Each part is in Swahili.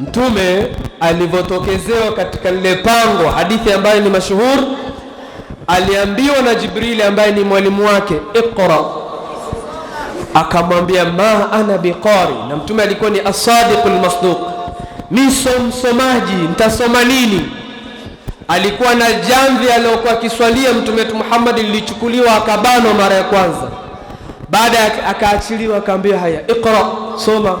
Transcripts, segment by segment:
Mtume alivyotokezewa katika lile pango, hadithi ambayo ni mashuhuri, aliambiwa na Jibrili ambaye ni mwalimu wake, iqra, akamwambia ma ana biqari, na mtume alikuwa ni asadiq almasduq, mi so msomaji, ntasoma nini? Alikuwa na jamvi aliyokuwa akiswalia mtume wetu Muhammad, lilichukuliwa akabanwa mara ya kwanza, baada akaachiliwa, akaambiwa haya, iqra, soma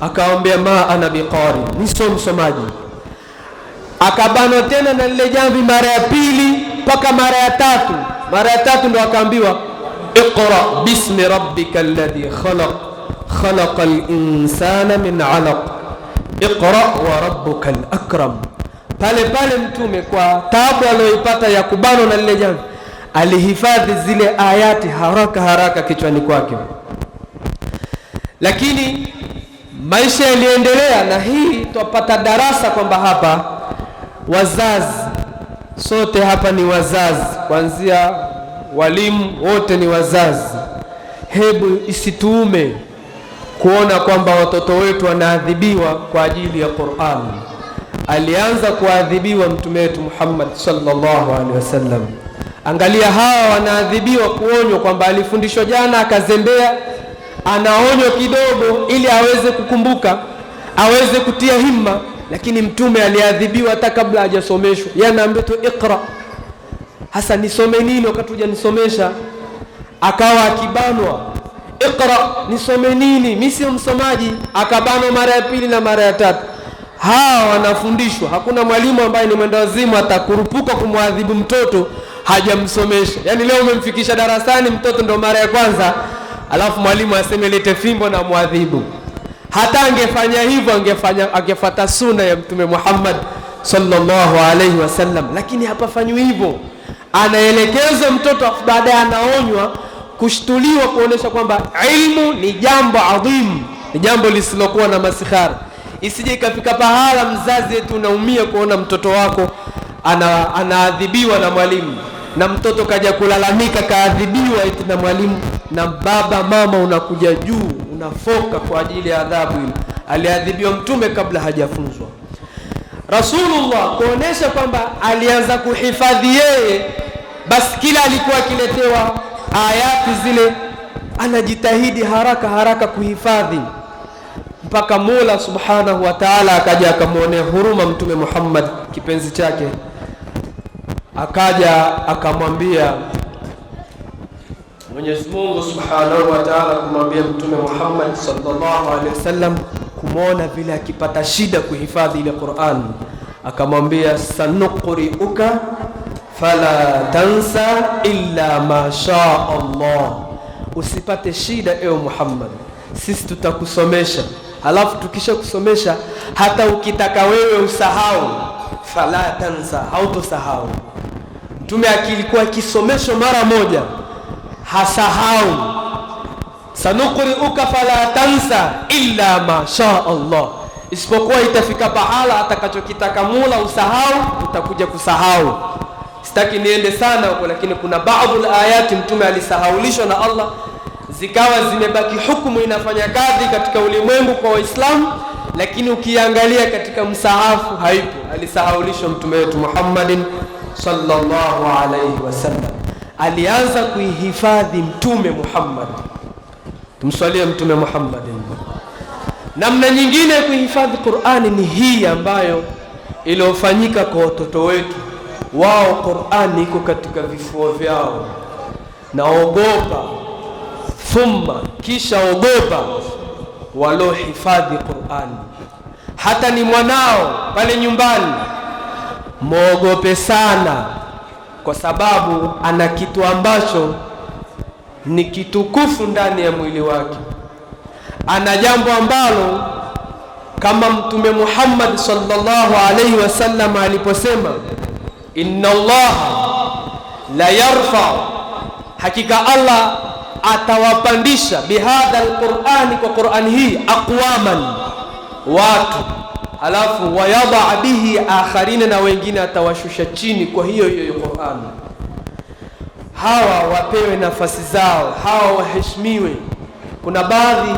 akaambia ma ana biqari, ni sio msomaji. Akabanwa tena na lile jamvi mara ya pili mpaka mara ya tatu. Mara ya tatu ndo akaambiwa iqra bismi rabbika alladhi khalaq khalaqa al-insana min alaq iqra wa rabbuka al-akram. Pale pale Mtume kwa taabu aliyoipata ya kubanwa na lile jamvi alihifadhi zile ayati haraka haraka kichwani kwake, lakini Maisha yaliendelea, na hii twapata darasa kwamba hapa wazazi sote hapa ni wazazi, kuanzia walimu wote ni wazazi. Hebu isituume kuona kwamba watoto wetu wanaadhibiwa kwa ajili ya Qur'an. Alianza kuadhibiwa mtume wetu Muhammad sallallahu alaihi wasallam. Angalia hawa wanaadhibiwa kuonywa kwamba alifundishwa jana akazembea anaonywa kidogo, ili aweze kukumbuka, aweze kutia himma. Lakini Mtume aliadhibiwa hata kabla hajasomeshwa, anaambiwa tu iqra, hasa nisome nini wakati hujanisomesha? Akawa akibanwa, iqra, nisome nini? mi sio msomaji. Akabanwa mara ya pili na mara ya tatu. Hawa wanafundishwa, hakuna mwalimu ambaye ni mwenda wazimu atakurupuka kumwadhibu mtoto hajamsomesha. Yaani leo umemfikisha darasani mtoto ndo mara ya kwanza alafu mwalimu aseme lete fimbo na mwadhibu. Hata angefanya hivyo, angefanya angefuata suna ya Mtume Muhammad sallallahu alaihi wasallam, lakini hapafanywi hivyo. anaelekeza mtoto, baadaye anaonywa, kushtuliwa, kuonesha kwamba ilmu ni jambo adhimu, ni jambo lisilokuwa na masikhara. Isije ikafika pahala mzazi yetu unaumia kuona mtoto wako ana, anaadhibiwa na mwalimu, na mtoto kaja kulalamika kaadhibiwa eti na mwalimu na baba mama unakuja juu, unafoka kwa ajili ya adhabu ile. Aliadhibiwa mtume kabla hajafunzwa Rasulullah, kuonesha kwamba alianza kuhifadhi yeye. Basi kila alikuwa akiletewa ayati zile anajitahidi haraka haraka kuhifadhi mpaka Mola subhanahu wa taala akaja akamwonea huruma Mtume Muhammad, kipenzi chake, akaja akamwambia Mwenyezi Mungu Subhanahu wa Ta'ala kumwambia Mtume Muhammad sallallahu alaihi wasallam kumwona vile akipata shida kuhifadhi ile Qur'an, akamwambia sanuqri'uka fala tansa illa ma shaa Allah, usipate shida ewe Muhammad, sisi tutakusomesha halafu tukisha kusomesha hata ukitaka wewe usahau, fala tansa, hautosahau. Mtume akilikuwa akisomeshwa mara moja hasahau. Sanukriuka fala tansa illa ma sha Allah, isipokuwa itafika pahala atakachokitaka Mula usahau, utakuja kusahau. Sitaki niende sana huko, lakini kuna baadhi ya ayati mtume alisahaulishwa na Allah zikawa zimebaki hukumu inafanya kazi katika ulimwengu kwa Waislamu, lakini ukiangalia katika msahafu haipo. Alisahaulishwa mtume wetu Muhammadin sallallahu alaihi wasallam alianza kuihifadhi Mtume Muhammad, tumswalie Mtume Muhammad. Namna nyingine ya kuihifadhi Qur'ani ni hii ambayo iliyofanyika kwa watoto wetu. Wao Qur'ani iko katika vifuo vyao, naogopa thumma, kisha ogopa walohifadhi Qur'ani. Hata ni mwanao pale nyumbani, mwogope sana kwa sababu ana kitu ambacho ni kitukufu ndani ya mwili wake. Ana jambo ambalo kama Mtume Muhammad sallallahu alaihi wasallam aliposema, inna Allah la yarfa, hakika Allah atawapandisha bihadha alqurani, kwa Qurani hii, aqwaman, watu alafu wayadaa bihi akharina, na wengine atawashusha chini. Kwa hiyo hiyo Qur'an, hawa wapewe nafasi zao, hawa waheshimiwe. Kuna baadhi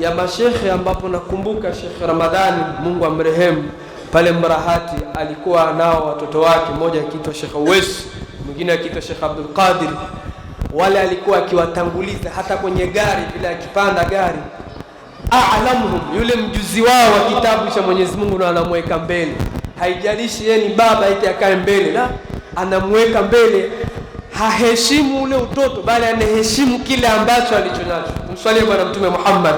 ya mashekhe ambapo nakumbuka Shekhe Ramadhani, Mungu amrehemu, pale mrahati alikuwa nao watoto wake, mmoja akiitwa Sheikh Uwes, mwingine akiitwa Shekh Abdul Qadir. Wale alikuwa akiwatanguliza hata kwenye gari, bila akipanda gari Ah, alamhum yule mjuzi wao wa kitabu cha Mwenyezi Mungu na anamweka mbele. Haijalishi yeye ni baba eti akae mbele, la anamweka mbele. Haheshimu ule utoto, bali anaheshimu kile ambacho alichonacho. Mswalie Bwana Mtume Muhammad,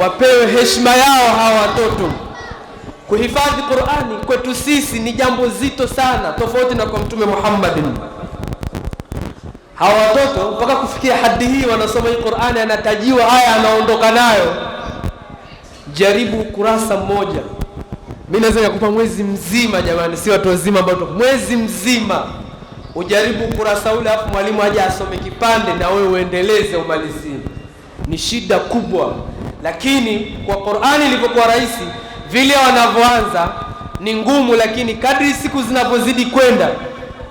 wapewe heshima yao hawa watoto. Kuhifadhi Qur'ani kwetu sisi ni jambo zito sana, tofauti na kwa Mtume Muhammad hawa watoto mpaka kufikia hadi hii wanasoma hii Qur'ani, anatajiwa haya, anaondoka nayo. Jaribu kurasa mmoja, mimi naweza nikakupa mwezi mzima, jamani, si watu wazima ambao, mwezi mzima ujaribu kurasa ule, alafu mwalimu aje asome kipande na wewe uendeleze, umalizie. Ni shida kubwa, lakini kwa Qur'ani ilivyokuwa rahisi, vile wanavyoanza ni ngumu, lakini kadri siku zinavyozidi kwenda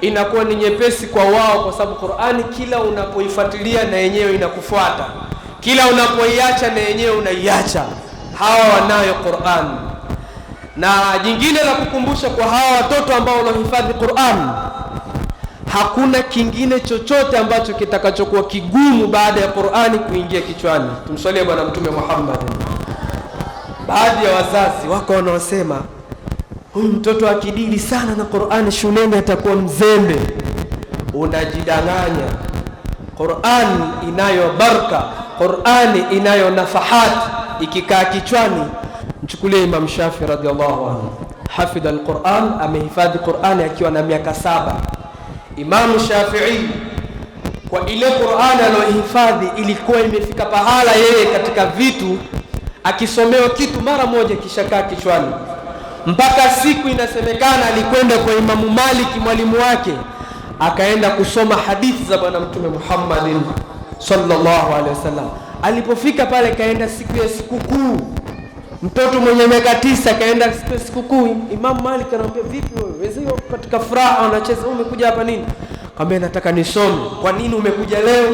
inakuwa ni nyepesi kwa wao, kwa sababu Qur'ani kila unapoifuatilia na yenyewe inakufuata, kila unapoiacha na yenyewe unaiacha. Hawa wanayo Qur'an. Na jingine la kukumbusha kwa hawa watoto ambao wanahifadhi Qur'an, hakuna kingine chochote ambacho kitakachokuwa kigumu baada ya Qur'ani kuingia kichwani. Tumswalie Bwana Mtume Muhammad. Baadhi ya wazazi wako wanaosema huyu mtoto akidili sana na Qur'an shuleni atakuwa mzembe. Unajidanganya. Qur'an inayo baraka, Qur'an inayo nafahat, ikikaa kichwani. Mchukulie Imam Shafi radhiallahu anhu, hafidha alquran, amehifadhi Qur'an akiwa na miaka saba. Imam Shafi'i kwa ile Qur'an aliyohifadhi ilikuwa imefika pahala, yeye katika vitu akisomewa kitu mara moja kishakaa kichwani mpaka siku inasemekana alikwenda kwa Imamu Maliki mwalimu wake, akaenda kusoma hadithi za Bwana Mtume Muhammadin sallallahu alaihi wasallam. Alipofika pale, kaenda siku ya sikukuu, mtoto mwenye miaka tisa kaenda siku ya sikukuu. Imamu Malik anamwambia, vipi wewe, wenzio katika furaha wanacheza, umekuja hapa nini? Akamwambia, nataka nisome. Kwa nini umekuja leo?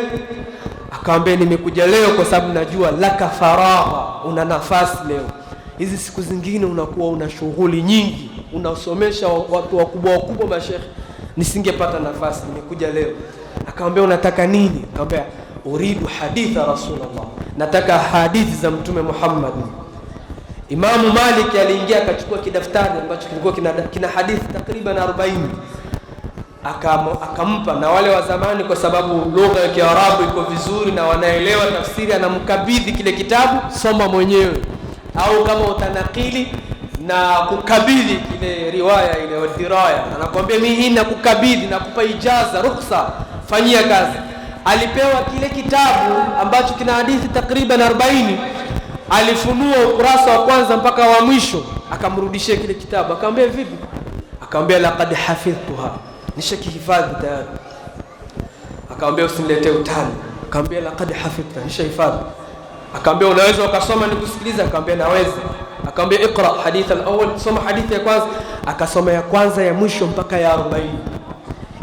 Akamwambia, nimekuja leo kwa sababu najua laka faraha, una nafasi leo Hizi siku zingine unakuwa una shughuli nyingi, unasomesha watu wakubwa wakubwa, mashekhe. Nisingepata nafasi, nimekuja leo. Akamwambia unataka nini? Akamwambia uridu haditha Rasulullah, nataka hadithi za Mtume Muhammad. Imamu Malik aliingia akachukua kidaftari ambacho kilikuwa kina, kina hadithi takriban 40 akampa na wale wa zamani, kwa sababu lugha ya Kiarabu iko vizuri na wanaelewa tafsiri. Anamkabidhi kile kitabu, soma mwenyewe au kama utanakili na kukabidhi ile riwaya ile diraya, anakuambia mimi hii nakukabidhi, nakupa ijaza, ruksa fanyia kazi. Alipewa kile kitabu ambacho kina hadithi takriban 40 alifunua ukurasa wa kwanza mpaka wa mwisho, akamrudishia kile kitabu, akamwambia vipi? Akamwambia laqad hafidhtuha, nishakihifadhi tayari. Akamwambia usiniletee utani. Akamwambia laqad hafidhtuha, nishahifadhi Akaambia unaweza ukasoma kusikiliza Akaambia naweza. Akaambia iqra hadith al-awwal, soma hadithi ya kwanza. Akasoma ya kwanza ya mwisho mpaka ya 40.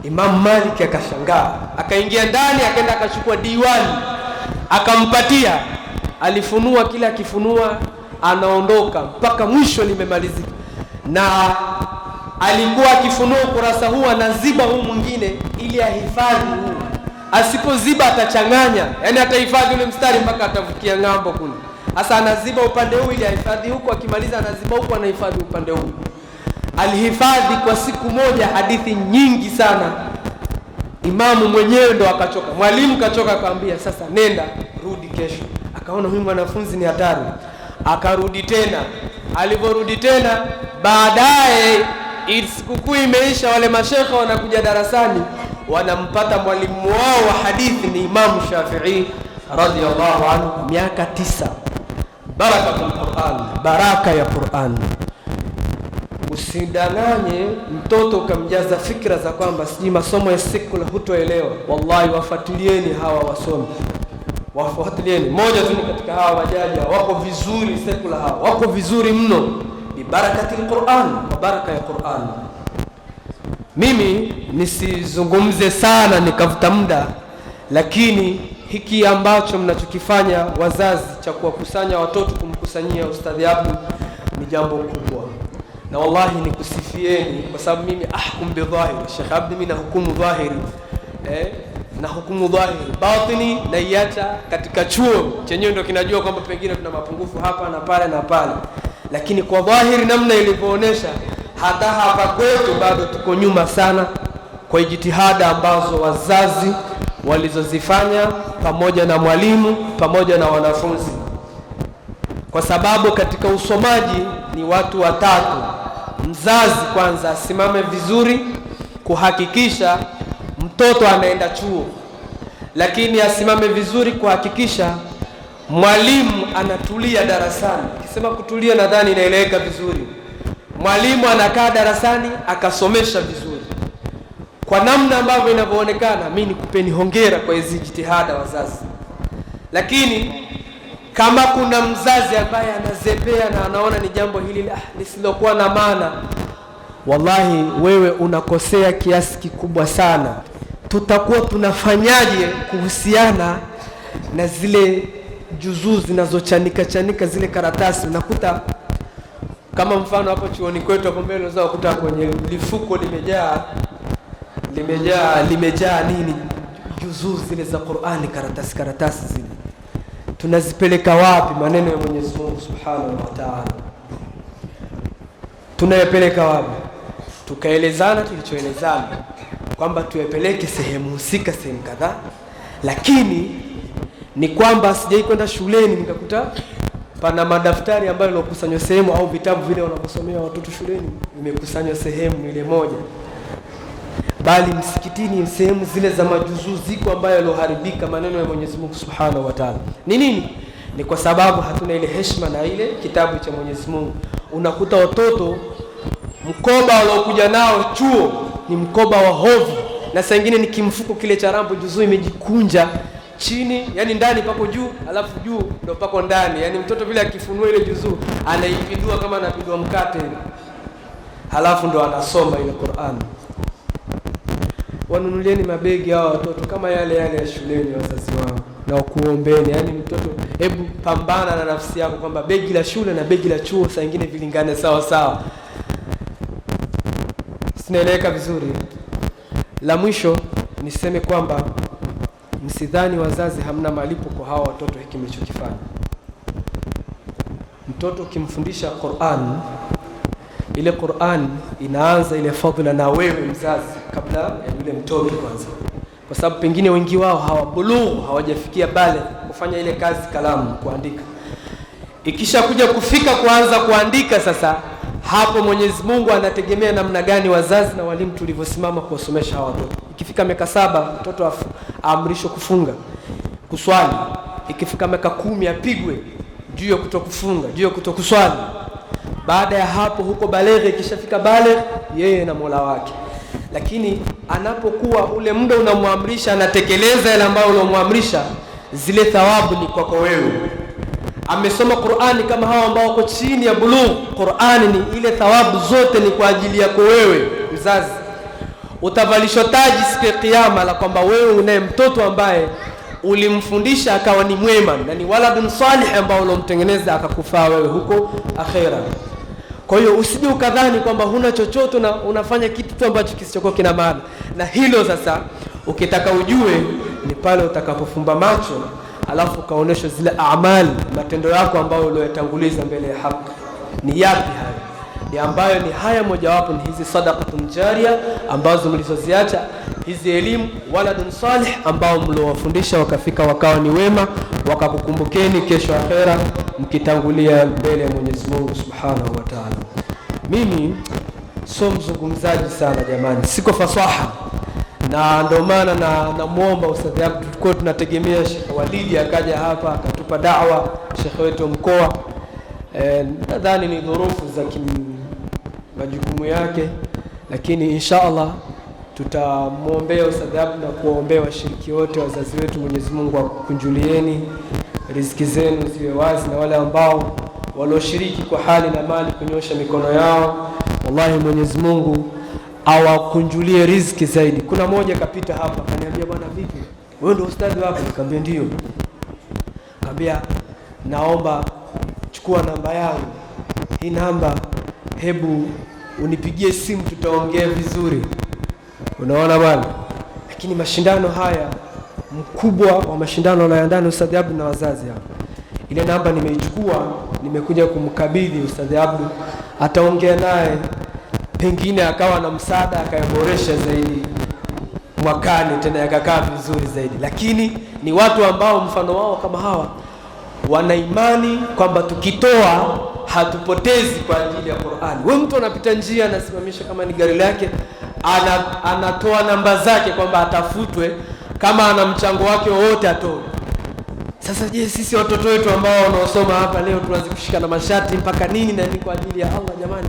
Imam Malik akashangaa, akaingia ndani, akaenda akachukua diwani, akampatia. Alifunua kila akifunua anaondoka mpaka mwisho limemalizika, na alikuwa akifunua ukurasa huu anaziba huu mwingine ili ahifadhi huu asipoziba atachanganya, yaani atahifadhi ule mstari mpaka atavukia ng'ambo kule. Hasa anaziba upande huu ili ahifadhi huku, akimaliza anaziba huku, anahifadhi upande huu. Alihifadhi kwa siku moja hadithi nyingi sana. Imamu mwenyewe ndo akachoka, mwalimu kachoka, akamwambia sasa, nenda rudi kesho. Akaona huyu mwanafunzi ni hatari, akarudi tena. Alivyorudi tena baadaye, sikukuu imeisha, wale mashekhe wanakuja darasani wanampata mwalimu wao wa hadithi ni Imamu Shafi'i radhiyallahu anhu, miaka tisa. ya Qur'an, baraka ya Qur'an. Usidanganye mtoto ukamjaza fikra za kwamba sijui masomo ya la hutoelewa. Wallahi, wafuatilieni hawa wasomi, wafuatilieni. Moja tu ni katika hawa wajaja, wako vizuri sekula, hawa wako vizuri mno, barakati lquran kwa baraka ya Qur'an. Mimi nisizungumze sana nikavuta muda, lakini hiki ambacho mnachokifanya wazazi cha kuwakusanya watoto kumkusanyia Ustadhi Abdu ni jambo kubwa, na wallahi nikusifieni kwa sababu mimi ahkum bidhahiri. Sheikh Abdi, mimi nahukumu dhahiri eh, na hukumu dhahiri batini na katika chuo chenyewe ndio kinajua kwamba pengine tuna mapungufu hapa na pale na pale, lakini kwa dhahiri namna ilivyoonesha hata hapa kwetu bado tuko nyuma sana kwa jitihada ambazo wazazi walizozifanya pamoja na mwalimu pamoja na wanafunzi, kwa sababu katika usomaji ni watu watatu. Mzazi kwanza asimame vizuri kuhakikisha mtoto anaenda chuo, lakini asimame vizuri kuhakikisha mwalimu anatulia darasani. Kisema kutulia, nadhani inaeleweka vizuri mwalimu anakaa darasani akasomesha vizuri kwa namna ambavyo inavyoonekana. Mimi nikupeni hongera kwa hizi jitihada wazazi, lakini kama kuna mzazi ambaye anazepea na anaona ni jambo hili ah, lisilokuwa na maana, wallahi wewe unakosea kiasi kikubwa sana. Tutakuwa tunafanyaje kuhusiana na zile juzuu zinazochanika chanika zile karatasi? Unakuta kama mfano hapo chuoni kwetu hapo mbele unaweza kukuta kwenye lifuko limejaa limejaa limejaa nini, juzuu zile za Qur'ani, karatasi karatasi zile, tunazipeleka wapi? Maneno ya Mwenyezi Mungu Subhanahu wa Ta'ala tunayepeleka wapi? Tukaelezana tulichoelezana kwamba tuyapeleke sehemu husika, sehemu kadhaa, lakini ni kwamba sijai kwenda shuleni nikakuta pana madaftari ambayo yalokusanywa sehemu, au vitabu vile wanavyosomea watoto shuleni vimekusanywa sehemu ile moja, bali msikitini sehemu zile za majuzuu ziko ambayo yaloharibika maneno ya Mwenyezi Mungu Subhanahu wa Ta'ala. Ni nini? Ni kwa sababu hatuna ile heshima na ile kitabu cha Mwenyezi Mungu. Unakuta watoto mkoba waliokuja nao chuo ni mkoba wa hovi, na saa ingine ni kimfuko kile cha rambo, juzuu imejikunja chini, yani ndani pako juu, alafu juu ndio pako ndani. Yani mtoto vile akifunua ile juzuu anaipindua kama anapindua mkate, halafu ndo anasoma ile Qur'an. Wanunulieni mabegi hawa watoto kama yale yale ya shuleni wazazi wao, na kuombeni. Yani mtoto, hebu pambana na nafsi yako kwamba begi la shule na begi la chuo saa nyingine vilingane sawa sawa. Sinaeleweka vizuri? La mwisho niseme kwamba msidhani wazazi hamna malipo kwa hawa watoto, hiki mlichokifanya. Mtoto ukimfundisha Qur'an, ile Qur'an inaanza ile fadhila na wewe mzazi, kabla ya yule mtoto kwanza, kwa sababu pengine wengi wao hawabulughu, hawajafikia bale kufanya ile kazi, kalamu kuandika, ikishakuja kufika kuanza kuandika sasa hapo Mwenyezi Mungu anategemea namna gani wazazi na walimu tulivyosimama kuwasomesha hawa watoto. Ikifika miaka saba mtoto aamrishwe kufunga, kuswali. Ikifika miaka kumi apigwe juu ya kutokufunga, juu ya kutokuswali. Baada ya hapo huko baleghe, ikishafika baleghe yeye na Mola wake. Lakini anapokuwa ule muda unamwamrisha, anatekeleza yale ambayo unamwamrisha, zile thawabu ni kwako wewe amesoma Qur'ani kama hawa ambao wako chini ya buluu. Qur'ani ni ile thawabu zote ni kwa ajili yako wewe mzazi, utavalishwa taji siku ya kiyama la kwamba wewe unaye mtoto ambaye ulimfundisha akawa ni mwema na ni waladun salih ambao ulomtengeneza akakufaa wewe huko akhera. Kwa hiyo usije ukadhani kwamba huna chochote na unafanya kitu tu ambacho kisichokuwa kina maana, na hilo sasa ukitaka ujue ni pale utakapofumba macho alafu ukaonyesha zile amali matendo yako ambayo uliyotanguliza mbele ya haki ni yapi hayo ni ambayo ni haya mojawapo ni hizi sadaqatun jaria ambazo mlizoziacha hizi elimu waladun salih ambao mliowafundisha wakafika wakawa ni wema wakakukumbukeni kesho akhera mkitangulia mbele ya Mwenyezi Mungu Subhanahu wa Ta'ala mimi sio mzungumzaji sana jamani siko fasaha na ndio maana na namwomba ustadhi yangu, tulikuwa tunategemea Sheikh Walidi akaja hapa akatupa dawa, Sheikh wetu mkoa. E, nadhani ni dhurufu za majukumu yake, lakini insha Allah tutamwombea ustadhi yangu na kuwaombea washiriki wote, wazazi wetu. Mwenyezi Mungu akukunjulieni riziki zenu ziwe wazi, na wale ambao walioshiriki kwa hali na mali kunyosha mikono yao, wallahi Mwenyezi Mungu awakunjulie riziki zaidi. Kuna moja kapita hapa kaniambia bwana vipi, wewe ndio ustadhi wako? Nikamwambia ndio. kaambia naomba chukua namba yangu hii namba, hebu unipigie simu, tutaongea vizuri. Unaona bwana, lakini mashindano haya mkubwa wa mashindano anayoandana Ustadhi Abdu na wazazi hapa, ile namba nimeichukua, nimekuja kumkabidhi Ustadhi Abdu, ataongea naye pengine akawa na msaada akayaboresha zaidi mwakani tena yakakaa vizuri zaidi. Lakini ni watu ambao mfano wao kama hawa wana imani kwamba tukitoa hatupotezi kwa ajili ya Qur'ani. Wewe mtu anapita njia anasimamisha kama ni gari lake ana, anatoa namba zake kwamba atafutwe kama ana mchango wake wowote atoe. Sasa je, sisi watoto wetu ambao wanaosoma hapa leo tuanze kushika na mashati mpaka nini na ni kwa ajili ya Allah jamani?